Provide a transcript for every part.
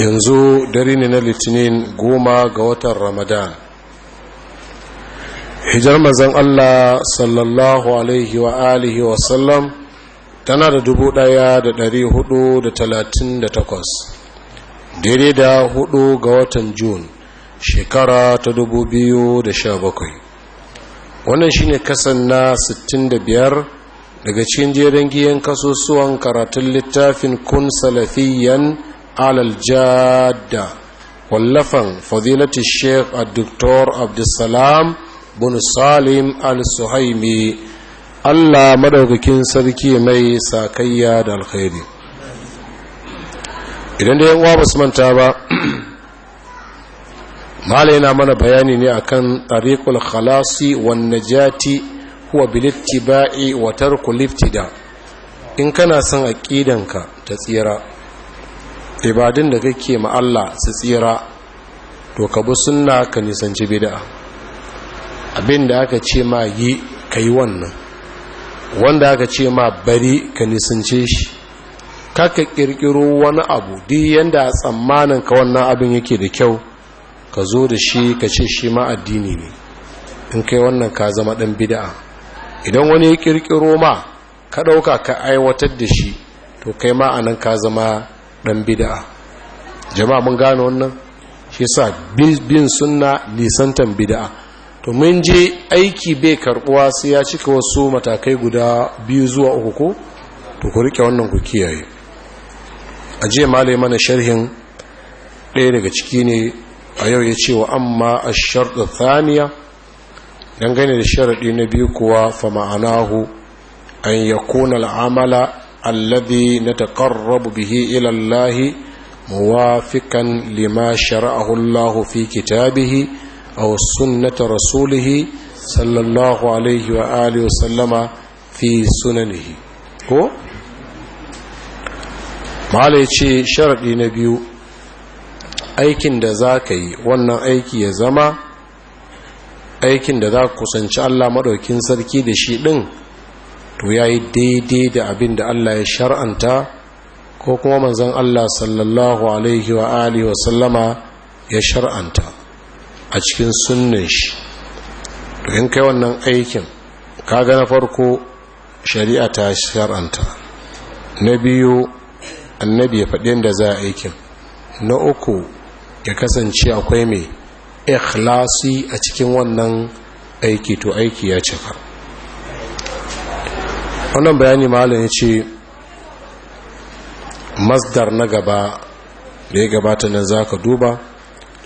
yanzu dare ne na litinin goma ga watan ramadan hijar mazan allah sallallahu alaihi wa alihi wasallam tana da dubu daya da dari hudu da talatin da takwas daidai da hudu ga watan Jun shekara ta dubu biyu da sha bakwai wannan shine kasan na sittin da biyar daga cikin jerin giyan kasusuwan karatun littafin kun salafiyan alal jadda wallafan fadilati sheikh al-doktor abdulsalam bin salim al-suhaimi allah madaukakin sarki mai sakayya da alkhairi idan da yanwa ba su manta ba mala yana mana bayani ne akan ɗarikul khalasi wan najati huwa bil wa tarkul ibtida in kana son aqidanka ta tsira ibadun da kake ma Allah su tsira to ka bi sunna ka nisanci bid'a abin da aka ce ma yi ka wannan wanda aka ce ma bari ka nisance shi kaka kirkiro wani abu duk yanda tsammanin ka wannan abin yake da kyau ka zo da shi ka ce shi ma addini ne in kai wannan ka zama dan bid'a idan wani ya kirkiro ma ka dauka ka aiwatar da shi to kai ma anan ka zama ɗan bida'a jama'a mun gane wannan shi sa bin sunna lisantan bida'a to mun je aiki bai karɓuwa sai ya cika wasu matakai guda biyu zuwa uku ko to ku rike wannan ku kiyaye a je malai mana sharhin ɗaya daga ciki ne a yau ya ce wa amma a sharɗa thaniya dangane da sharaɗi na biyu kuwa fa ma'anahu an yakuna al'amala alladhi nataqarrabu bihi ila Allah muwafiqan lima shara'ahu Allah fi kitabihi aw sunnati rasulih sallallahu alaihi wa wa sallama fi sunanihi ko malai ce sharaɗi na biyu aikin da za ka yi wannan aiki ya zama aikin da za ka kusanci allah maɗaukin sarki da shi ɗin to ya yi daidai da abin da Allah ya shar'anta ko kuma manzan Allah sallallahu alaihi wa alihi wa sallama ya shar'anta a cikin sunnin shi to in kai wannan aikin kaga na farko shari'a ta shar'anta na biyu annabi ya faɗi da za a aikin na uku ya kasance akwai mai ikhlasi a cikin wannan aiki to aiki ya cika wannan bayani malam ce masdar na gaba da ya gabata nan za ka duba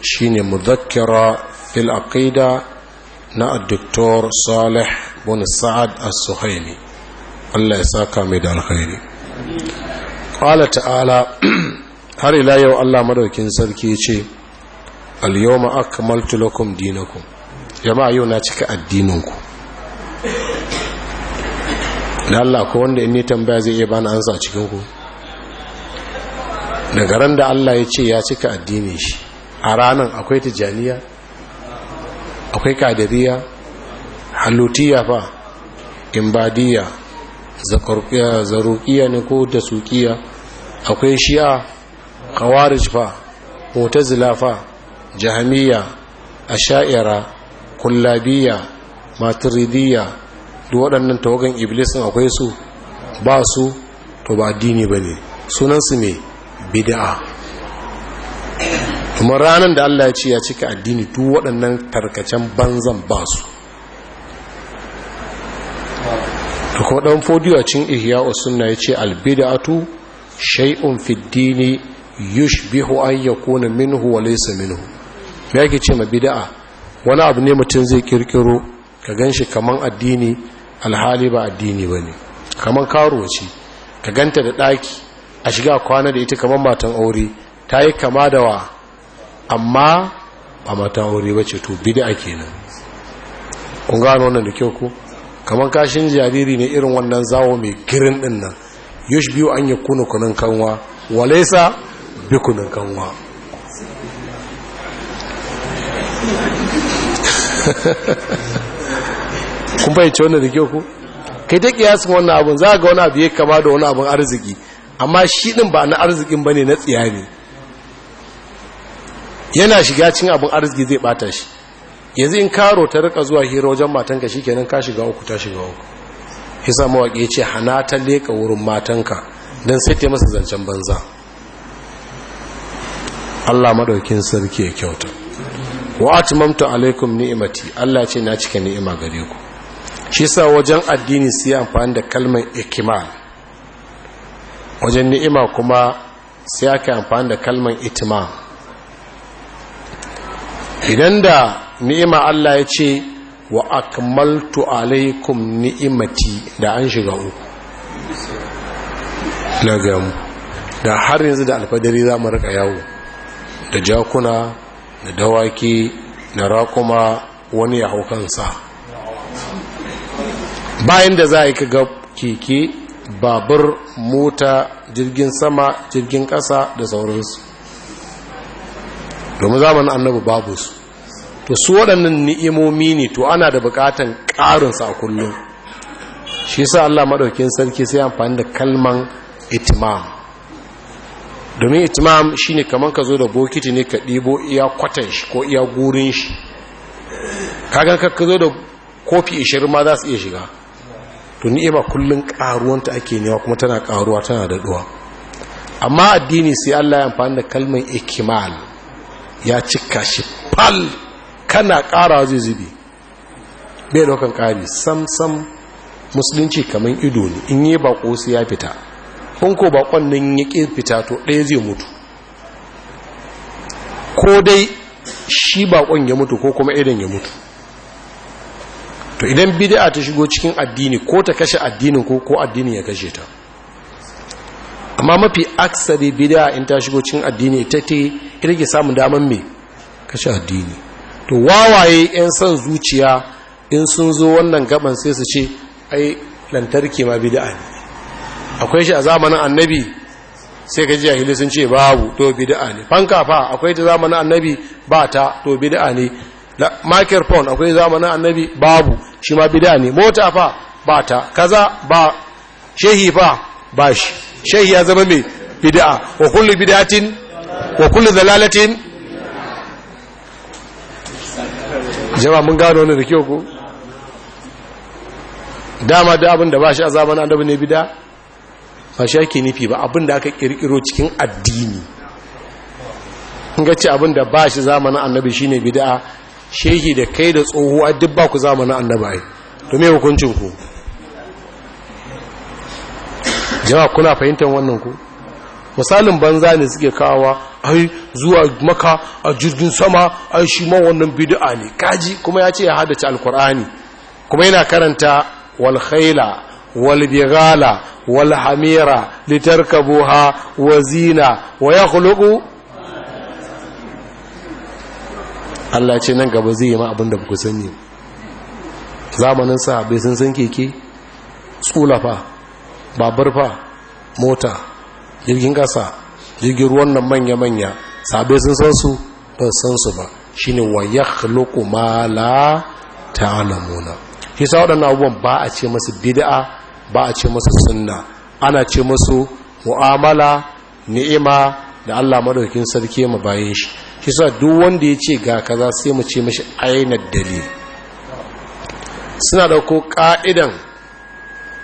shine muzakkira fil aqida na addoktor salih bin sa'ad as-suhaimi Allah ya saka mai da alkhairi qala ta'ala har ila yau Allah madaukin sarki ce al-yawma akmaltu lakum dinakum jama'a yau na cika addininku da Allah ko wanda in tambaya zai iya bani ansa cikin ku daga ran da Allah ya ce ya cika addini shi a ranan akwai tijaniya akwai kadiriya halutiya fa imbadiya zarukiya ne ko da sukiya akwai shi'a kawarish fa mutazila fa jahamiya asha'ira kullabiya maturidiya duk waɗannan tawagan iblisin akwai su ba su to ba addini ba ne sunansu ne bida'a kuma ranar da allah ya ce ya cika addini duk waɗannan tarkacen banzan ba su da kuma ɗan a cin ihya suna ya ce albida'atu shai'un fiddini yushbihu an yakuna minhu wa laisa minhu Ya ke ce ma bida'a wani abu ne mutum zai kirkiro ka gan shi kaman addini alhali ba addini ba ne kamar karuwa ce ka ganta da ɗaki a shiga kwana da ita kamar matan aure ta yi kama da wa amma ba matan aure ba ce to bida nan kun gano wannan da kyau ko kamar kashin jariri ne irin wannan zawo mai girin ɗin nan yush biyu an yi kunu kunun kanwa walaisa bi kunun kanwa kun fahimci wannan da kyau ku kai ta kiyasin wannan abun za ga wani abu ya kama da wani abun arziki amma shi din ba na arzikin ne na tsiya ne yana shiga cin abun arziki zai bata shi yanzu in karo ta rika zuwa hira wajen matanka shi kenan ka shiga uku ta shiga uku yasa mawaƙi ya ce hana ta leka wurin matanka don sai ta masa zancen banza Allah madaukin sarki ya kyauta wa atmamtu alaikum ni'imati Allah ce na cika ni'ima gare ku shi sa wajen addini su yi amfani da kalmar ikimal wajen ni'ima kuma sai aka amfani da kalmar itima idan da ni'ima Allah ya ce wa akmaltu alaikum ni'imati da an shiga uku na gamu da har yanzu da alfadari za mu rika yawo da jakuna da dawaki da raƙuma wani ya hau kansa bayan da za a yi ga keke babur mota jirgin sama jirgin ƙasa da sauransu domin zamanin annabi babu su to su waɗannan ni'imomi ne to ana da buƙatan ƙarinsa a kullum shi sa Allah maɗaukin sarki sai amfani da kalman itimam domin itimam shi ne kamar ka zo da bokiti ne ka ɗibo iya kwatan shi ko iya gurin shi kagan ka zo da kofi 20 ma za su iya shiga to ni'ima kullun karuwanta ake newa kuma tana karuwa tana daɗuwa amma addini sai Allah ya amfani da kalmar ikimal ya cika shi fal kana kara zai zubi bai ɗaukan kari sam sam musulunci kamar ido ne in yi bako sai ya fita in ko bakon nan ya ƙi fita to ɗaya zai mutu ko dai shi bakon ya mutu ko kuma idan ya mutu to idan bid'a ta shigo cikin addini ko ta kashe addinin ko ko addinin ya kashe ta amma mafi aksari bid'a in ta shigo cikin addini ta te ita ke samun daman mai kashe addini to wawaye yan son zuciya in sun zo wannan gaban sai su ce ai lantarki ma bid'a ne akwai shi a zamanin annabi sai ka ji ahili sun ce babu to bid'a ne fanka fa akwai ta zamanin annabi ba ta to bid'a ne microphone akwai zamanin annabi babu shi ma bida ne mota fa ba ta kaza ba shehi fa ba shi shehi ya zama mai bida wa kullu bidatin wa kullu dalalatin jama mun gano ne da kyau ko dama da abin da ba shi a zamanin annabi ne bida ba shi yake nufi ba abin da aka kirkiro cikin addini in ga ce abin da ba shi zamanin annabi shine bid'a shehi da kai da tsohuwa duk ba ku zamanin ai to me hukuncin ku kuna fahimtar wannan ku misalin banza ne suke kawa ai zuwa maka a jirgin sama ai shi ma wannan bid'a ne kaji kuma ya ce ya hadace alkur'ani kuma yana karanta wal khaila wal bighala wal hamira litarkabuha wazina wa Allah ce nan gaba zai yi ma abin da ku sani zamanin sahabai sun san keke tsula fa babur fa mota jirgin ƙasa jirgin ruwan nan manya-manya sahabai sun san su ba san su ba shine wa yakhluqu ma la ta'lamuna shi sa waɗannan abubuwan ba a ce masu bida'a ba a ce masu sunna ana ce masu mu'amala ni'ima da Allah madaukakin sarki ma bayan shi kisa duk wanda ya ce ga kaza sai mu ce mashi ainihin dalil suna dauko ka'idan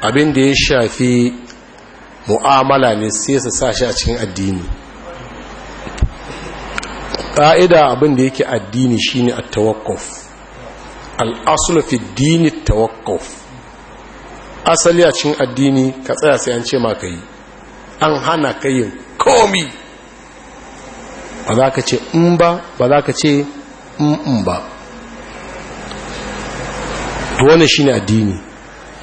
abin da ya shafi mu'amala ne sai su sa shi a cikin addini ƙa'ida abin da yake addini shine a tawakof al'asulu dini tawakkuf asali a cikin addini ka tsaya sai an ce ma ka yi an hana kayin komi ba za ka ce in mm ba ba za ka ce in mm, mm ba wane shi ne addini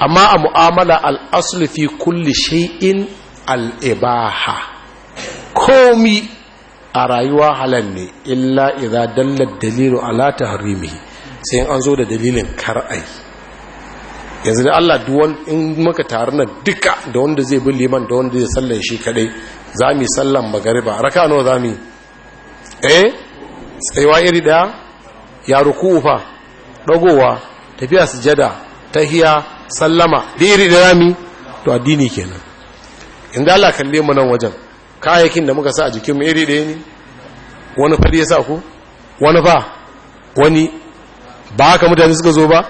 amma a mu'amala al'asulufi fi kulli shain al'ibaha komi a rayuwa halal ne illa iza dallar dalilu ala tahrimi sai an zo da dalilin kar'ai yanzu da Allah duwan in maka tare na duka da wanda zai bi liman da wanda zai sallan shi kadai za yi sallan magariba raka nawa yi eh tsayuwa iri daya ya ruku ufa, ɗagowa, tafiya sujada tahiya sallama da iri da rami to addini kenan da Allah kalle mu nan wajen kayakin da muka sa a jikin mu iri daya ne wani fari ya sa ku wani fa wani ba haka mutane suka zo ba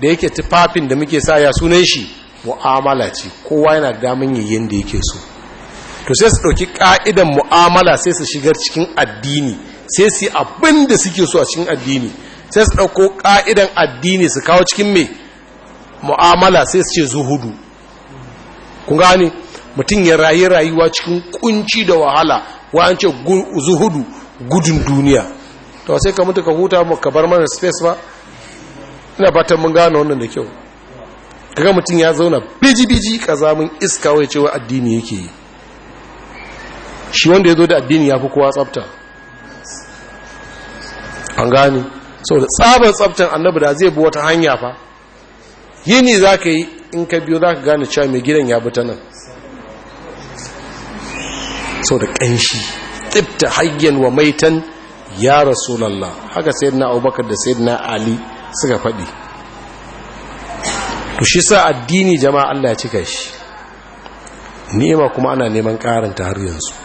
da yake tufafin da muke sa ya sunan shi mu'amala ce kowa yana damin yayin da yake so to sai su ɗauki ƙa'idan mu'amala sai su shigar cikin addini sai su abin da suke so a cikin addini sai su ɗauko ƙa'idan addini su kawo cikin mai mu'amala sai su ce zuhudu ku gane mutum ya rayu rayuwa cikin kunci da wahala wa zuhudu gudun duniya to sai ka mutu ka huta ka bar mana space ba ina fatan mun gane wannan da kyau kaga mutum ya zauna biji-biji zamun iska wai cewa addini yake yi shi wanda ya zo da addini ya fi kowa tsafta an gani da tsabar tsaftan annabu da zai bi wata hanya fa yini za ka yi in ka biyo za ka gane cewa mai gidan ya bi ta nan da ƙanshi tsifta hayyan wa maitan ya rasulallah haka sayyidina abubakar da sayyidina ali suka faɗi ku shi sa addini jama'a Allah ya cika shi Nima kuma ana neman ta har yanzu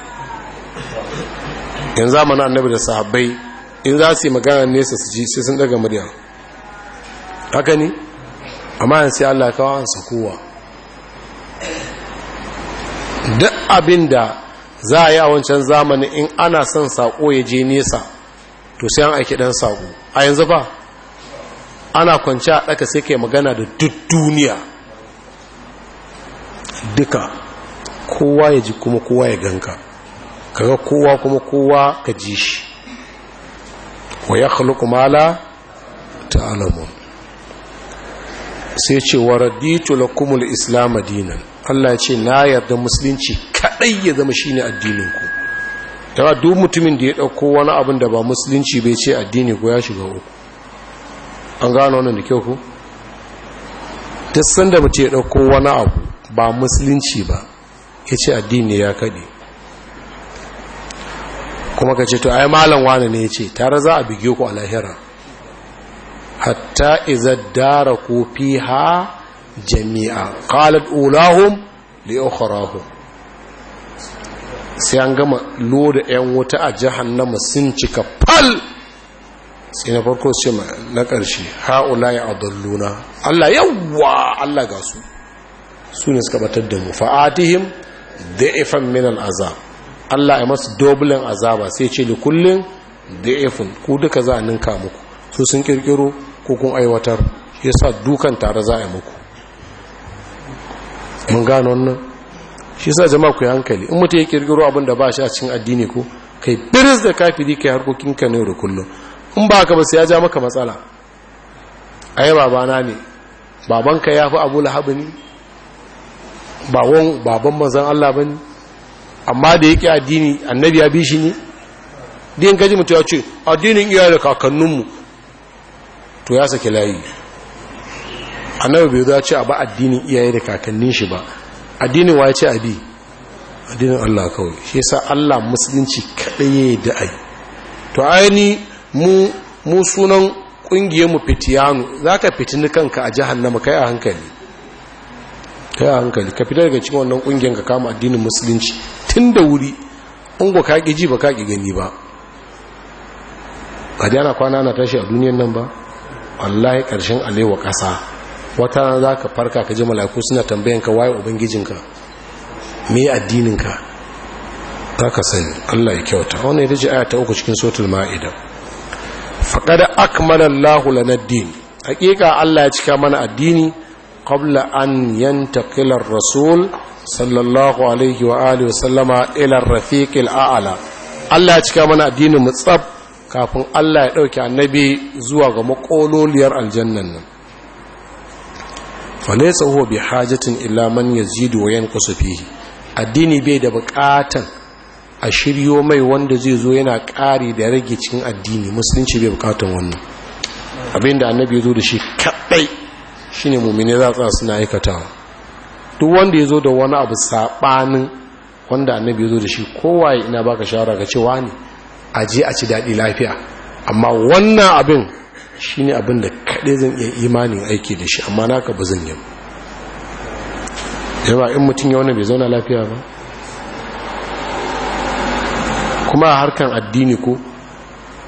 in zamanin annabi da sahabbai in za su yi magana nesa su ji sai sun daga murya haka ne amma yin sai allah kawo an sakowa duk abin da za a yi a wancan zamanin in ana son sako ya je nesa to sai an aiki dan sako a yanzu ba ana kwanci a ɗaka sai ke magana da duk duniya duka kowa ya ji kuma kowa ya ganka kaga kowa kuma kowa ka ji shi wa ya khluqu ma la ta'lamun sai ce wa raditu lakumul islam dinan Allah ya ce na yarda musulunci kadai ya zama shine addinin ku ta duk mutumin da ya dauko wani abin da ba musulunci bai ce addini ko ya shiga uku an gano wannan da kyau ku duk sanda mutum ya dauko wani abu ba musulunci ba yace addini ya kade kuma ka ce to ai malam wane ne ce tare za a bige ku a lahira hatta iza dara ku fiha jami'a qalat ulahum li ukhrahum sai an gama loda yan wuta a jahannama sun cika fal sai na farko ce na ƙarshe ha'ula ya adalluna Allah yawwa Allah ga su su ne suka batar da mu fa'atihim da'ifan min al-azab Allah ya masu doblin azaba sai ce da kullum da efin ku duka za a ninka muku su sun kirkiro ko kun aiwatar ya sa dukan tare za a muku mun gano wannan shi sa jama'a ku yi hankali in mutu ya kirkiro abin da ba shi a cikin addini ko kai biris da kafiri kai harkokinka ne da kullum in ba ka ba sai ya ja maka matsala ai babana ne babanka ya fi abu lahabi ne baban mazan allah ba ne amma da yake addini annabi ya bi shi ne din gaji mutu ya ce addinin iyaye da kakanninmu to ya sake layi annabi bai zuwa ce a ba addinin iyaye da kakannin shi ba addinin wa ya ce abi addinin Allah kawai shi yasa Allah musulunci ya da ai to ayani mu mu sunan kungiyar mu fitiyanu ka fitini kanka a jahannama kai a hankali kai a hankali ka fitar daga cikin wannan kungiyar ka kama addinin musulunci tun da wuri in ba ki ji ba ka gani ba a jana kwana na tashi a duniyan nan ba wallahi ƙarshen alewa ƙasa wata na za ka farka ka ji malaku suna tambayan ka waye ubangijinka me addininka za ka sani allah ya kyauta wannan ita ce ayata uku cikin sotul ma'ida faƙad akmala lahula na din hakika allah ya cika mana addini kabla an kilar rasul sallallahu alaihi wa alihi wasallama ila rafiqil a'la Allah ya cika mana addinin mu tsab kafin Allah ya dauke annabi zuwa ga makololiyar aljannan nan falaysa huwa bihajatin illa man yazidu wa yanqusu fihi addini bai da bukatan a shiryo mai wanda zai zo yana ƙare da rage cikin addini musulunci bai bukatan wannan abinda annabi ya zo da shi kadai shine mu'mini za su suna aikatawa duk wanda ya zo da wani abu saɓanin wanda annabi ya zo da shi kowaye ina baka shawara ga cewa ne a je a ci daɗi lafiya amma wannan abin shi ne abin da kaɗai zan iya imanin aiki da shi amma naka ba zan yi yawa in mutum ya wani bai zauna lafiya ba kuma a harkan addini ko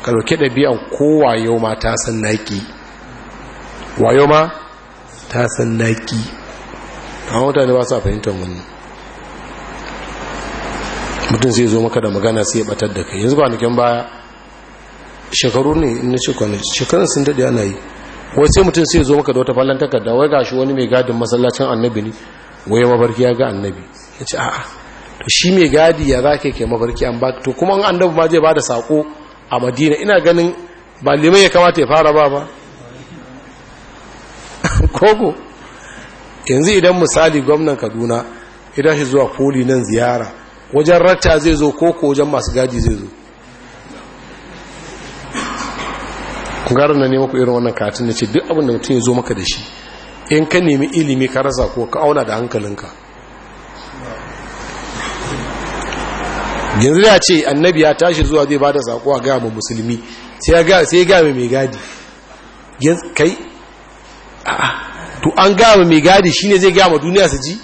ka ɗauki ɗabi'an kowa yau ma ta san naƙi wayo ma ta san naƙi amma mutane ba sa fahimtar wani mutum sai zo maka da magana sai ya batar da kai yanzu kwanakin baya shekaru ne in na ce kwanaki shekaru sun daɗe ana yi wai sai mutum sai zo maka da wata fallon takarda wai gashi wani mai gadin masallacin annabi ne wai mafarki ya ga annabi ya ce a'a to shi mai gadi ya za ka ke mafarki an ba to kuma annabi ma zai ba da saƙo a madina ina ganin ba liman ya kamata ya fara ba ba kogo yanzu idan misali gwamnan kaduna idan shi zuwa poli nan ziyara wajen rata zai zo ko ko wajen masu gadi zai zo gara na nema ku irin wannan katin na ce duk abin da mutum ya zo maka da shi in ka nemi ilimi ka rasa ko ka auna da hankalinka yanzu ya ce annabi ya tashi zuwa zai ba da sako a gaba musulmi sai ya gaba mai gadi kai a'a to an gama mai gadi shi ne zai gama duniya su ji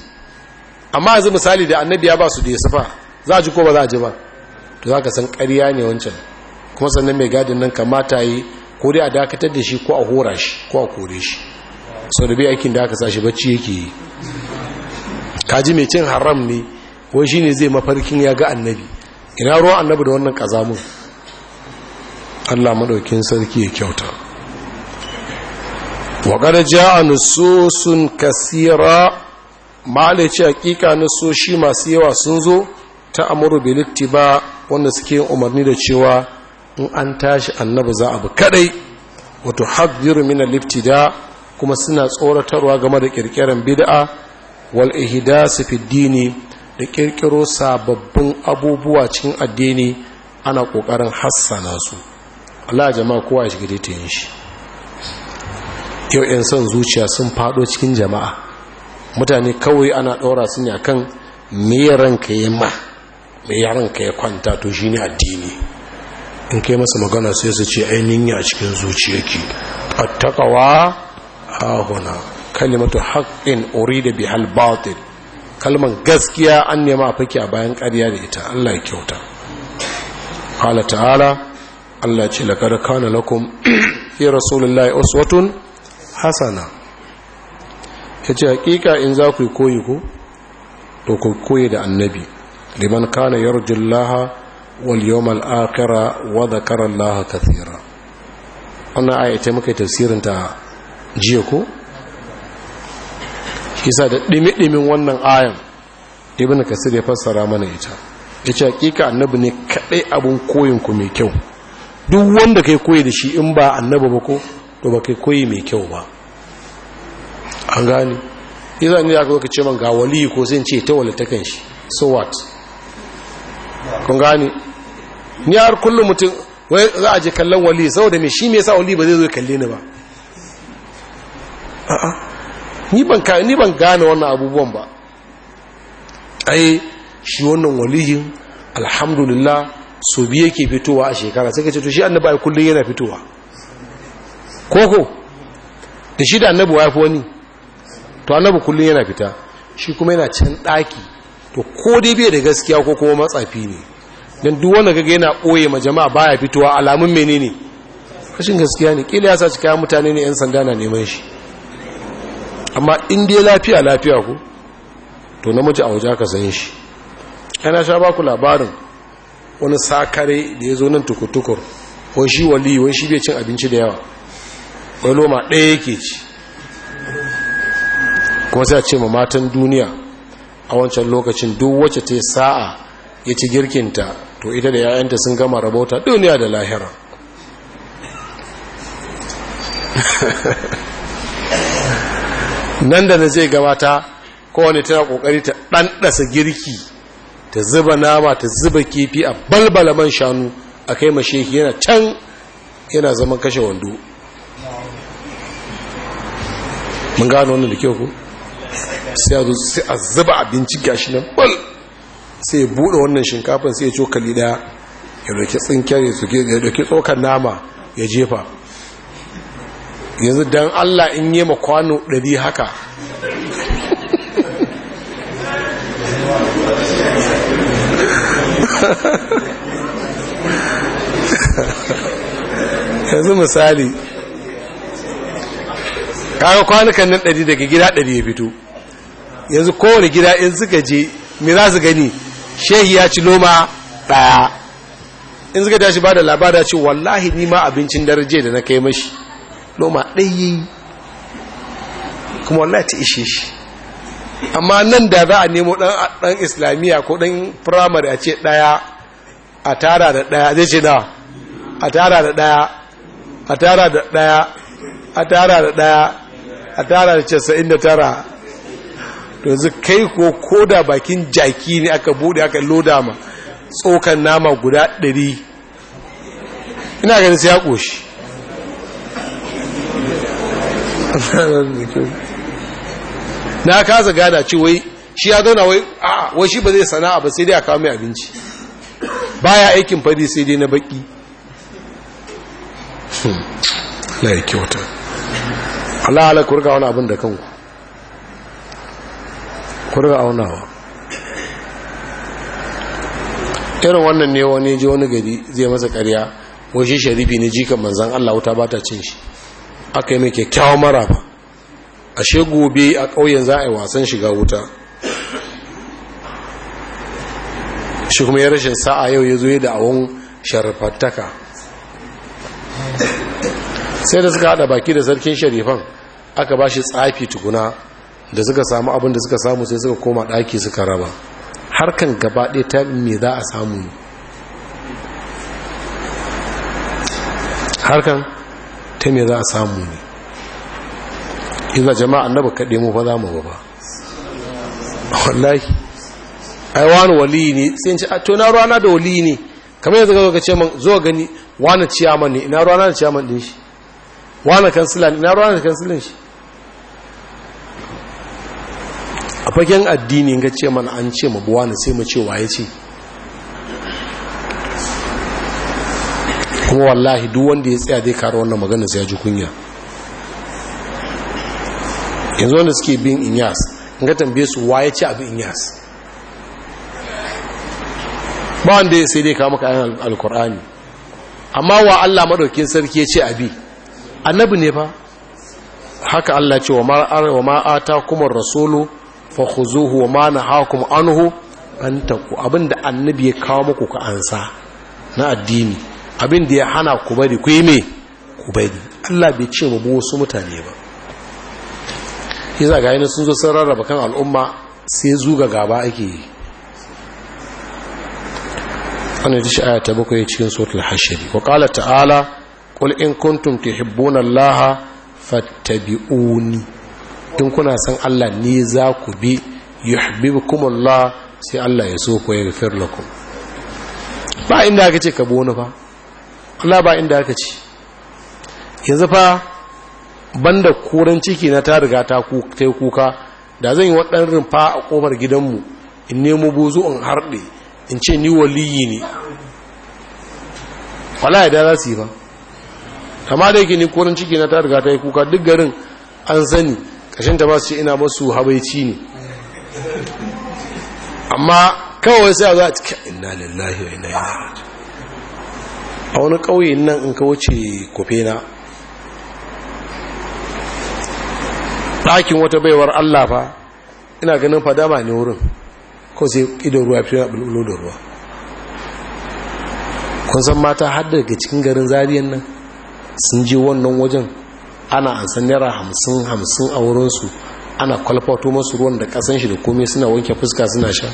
amma yanzu misali da annabi ya ba su da ya sufa za a ji ko ba za a ji ba to za ka san ƙarya ne wancan kuma sannan mai gadin nan kamata yi ko dai a dakatar da shi ko a hora shi ko a kore shi sau da bai aikin da aka sa shi bacci yake yi kaji mai cin haram ne wai shine zai mafarkin ya ga annabi ina ruwan annabi da wannan kazamun Allah maɗaukin sarki ya kyauta waƙar ja'a nususun kasira ma'alice hakika nusoshi masu yawa sun zo ta amuru bilitti ba wanda suke umarni da cewa in an tashi annabi za a bi kadai wato haddiru min al kuma suna tsoratarwa game da kirkiran bid'a wal ihdasu fi dini da kirkiro sababbin abubuwa cikin addini ana kokarin hassana su Allah jama'a kowa ya shiga dai ta yin shi yau 'yan son zuciya sun fado cikin jama'a mutane kawai ana ɗora su ne a kan ranka ya ma ranka ya kwanta to shi ne addini in kai masa magana sai su ce ainihin ya cikin zuciyarki attakawa ahuna kalimatu ori da bihal batil kalman gaskiya an nema a fake a bayan ƙarya da ita Allah ya kyauta qala ta'ala Allah ce laqad kana lakum fi rasulullahi uswatun hasana ya ce hakika in za ku yi koyi ku to ku koyi da annabi liman kana yarjullaha wal yawmal akhira wa dhakara allaha kathira wannan aya ita muka tafsirin ta jiya ko kisa da dimi wannan ayan ibn kasir ya fassara mana ita yace hakika annabi ne kadai abun koyin ku mai kyau duk wanda kai koyi da shi in ba annabi ba ko to ba kai koyi mai kyau ba an gane iza ne aka ce man ga wali ko sai ce ta wali ta kanshi so what kun gane ni har kullum mutum wai za a je kallon wali saboda me shi me yasa wali ba zai zo kalle ni ba a'a ni ban ka ni ban gane wannan abubuwan ba ai shi wannan waliyin alhamdulillah so biye ke fitowa a shekara sai ka ce to shi annabi ai kullun yana fitowa koko da shi da annabi ya fi wani to annabi kullum yana fita shi kuma yana can ɗaki to ko dai bai da gaskiya ko kuma matsafi ne don duk wanda gaga yana ɓoye ma jama'a baya fitowa alamun menene rashin gaskiya ne kila ya saci kayan mutane ne yan sanda na neman shi amma in dai lafiya lafiya ko to namiji a waje aka san shi yana sha ba ku labarin wani sakare da ya zo nan tukutukur wani shi wali wani shi bai cin abinci da yawa wani loma ɗaya yake ci kuma sai a ce ma matan duniya a wancan lokacin duk wacce ta sa'a ya ci girkinta to ita da 'ya'yanta sun gama rabauta duniya da lahira nan da na zai gabata kowane tana kokari ta ɗanɗasa girki ta zuba nama ta zuba kifi a balbala shanu a kai mashehi yana can yana zaman kashe wando mun gano wannan da kyau ku sai a sai a zuba abinci gashi nan bal sai ya buɗe wannan shinkafin sai ya cokali ɗaya ya ɗauki tsinkiyar ya ɗauki tsokar nama ya jefa yanzu don allah in yi ma kwano ɗari haka yanzu misali kaga kwanukan nan ɗari daga gida ɗari ya fito yanzu kowane gida in suka je me za su gani shehi ya ci noma ɗaya in suka tashi ba da labada ce wallahi nima abincin daraje da na kai mashi Noma ɗaya kuma wallahi ta ishe shi amma nan da za a nemo ɗan islamiyya ko ɗan firamare a ce ɗaya a tara da ɗaya zai ce na, a tara da ɗaya a tara da ɗaya a tara da ɗaya a tara da casa'in da tara to yanzu kai ko koda bakin jaki ne aka bude aka loda ma tsokan nama guda ɗari ina ganin sai ya ƙoshi na kasa gada ce wai shi ya zauna wai a wai shi ba zai sana'a ba sai dai a kawo mai abinci baya aikin fari sai dai na baki na hmm. ya kyauta Allah halakku rika wani abin da kanku kurga aunawa irin wannan ne wani ji wani gari zai masa karya wajen sharifi ne jikan manzan Allah wuta ba ta cin shi aka yi mai mara maraba ashe gobe a ƙauyen za a yi wasan shiga wuta shi kuma ya rashin sa'a yau ya zo da awon sharifattaka sai da suka haɗa baki da sarkin sharifan aka ba shi tsafi tukuna da suka samu abin da suka samu sai suka koma daki suka raba harkan gaba ɗaya ta me za a samu ne harkan ta me za a samu ne iza jama'a annaba kaɗe mu fa za mu ba wallahi ai wani wali ne sai ci a to na da wali ne kamar yanzu ga ce man zo gani wani ciyaman ne ina rana da ciyaman din shi wani kansila ne ina ruwana da kansilan shi a fagen addini ga ce mana an ce mabuwa na sai mace wa waye ce kuma wallahi duk wanda ya tsaya zai kara wannan magana sai ya ji kunya yanzu wanda suke bin inyas ga tambaye su waye ce abu inyas ba wanda ya sai dai kawo maka ayan alkur'ani amma wa allah maɗaukin sarki ya ce abi annabi ne ba? haka allah ce wa ma'ata kuma rasulu fa khuzuhu wa ma nahakum anhu ku. abinda annabi ya kawo muku ka ansa na addini abinda ya hana ku bari ku yi me ku bari Allah bai ce mu wasu mutane ba yasa ga yana sun zo sun rarraba kan al'umma sai zuga gaba ake yi ana dishi aya ta bakwai cikin suratul hashiri wa qala ta'ala qul in kuntum tuhibbuna allaha fattabi'uni tun kuna san Allah ni za ku bi yuhibbukumullah sai Allah ya so ku ya gafir lakum ba inda aka ce ka bi wani fa Allah ba inda aka ce yanzu fa banda koran ciki na ta riga ta kuka da zan yi waɗannan rumfa a ƙofar gidanmu in nemo bozo in harde in ce ni waliyi ne wala ya da za su yi ba kama da yake ni koran ciki na ta riga ta yi kuka duk garin an sani ƙashin ta ba su ina masu habaici ne amma kawai sai a za a cikin inna lillahi wa a wani ƙauye nan in ka wuce na ɗakin wata baiwar Allah fa ina ganin fadama ne wurin ko sai idon ruwa fiye bulbulo da ruwa kun san mata har daga cikin garin zariyan nan sun je wannan wajen ana ansan naira hamsin hamsin a wurinsu ana kwalfato masu ruwan da kasan shi da komai suna wanke fuska suna sha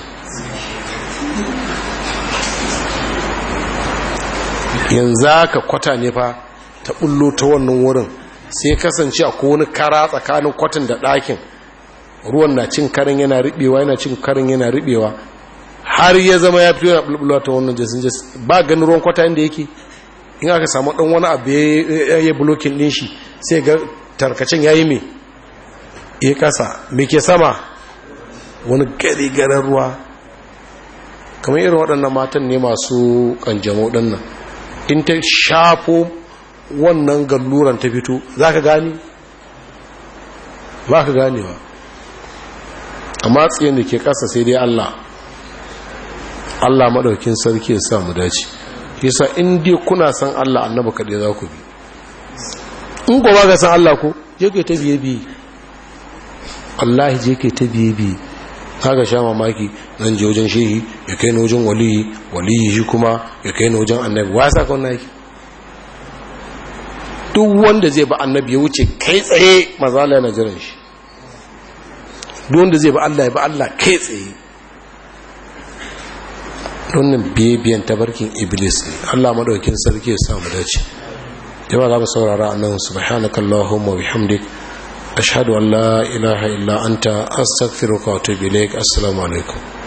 yanzu ka kwata ne fa ta bullo ta wannan wurin sai kasance a wani kara tsakanin kwatin da ɗakin ruwan na cin karin yana riɓewa yana cin karin yana riɓewa har ya zama ya fito yana bulbulwa ta wannan jasin jasin ba ganin ruwan kwata inda yake in aka samu ɗan wani abu ya yi bulokin ɗin shi sai ga tarkacin ya yi mai ya kasa mai ke sama wani gari garin ruwa kamar irin waɗannan matan ne masu ƙanjamo ɗannan in ta shafo wannan galluran ta fito za ka gani ba ka gane ba amma tsayin da ke ƙasa sai dai allah allah maɗaukin sarki ya samu dace yasa in dai kuna san allah annaba kaɗe za ku bi in ko ba ka san Allah ko je ke ta biye biye Allah je ke ta biye biye kaga sha mamaki zan je wajen shehi ya kai ni wajen wali wali shi kuma ya kai ni wajen annabi wa sa kon naki duk wanda zai ba annabi ya wuce kai tsaye mazala na jiran shi duk wanda zai ba Allah ya ba Allah kai tsaye wannan bibiyan tabarkin iblis ne Allah madaukin sarki ya samu dace yawa za mu saurara a nan subhanakallahumma bihamdik ashhadu an la ilaha illa anta astaghfiruka wa atubu ilaik assalamu alaikum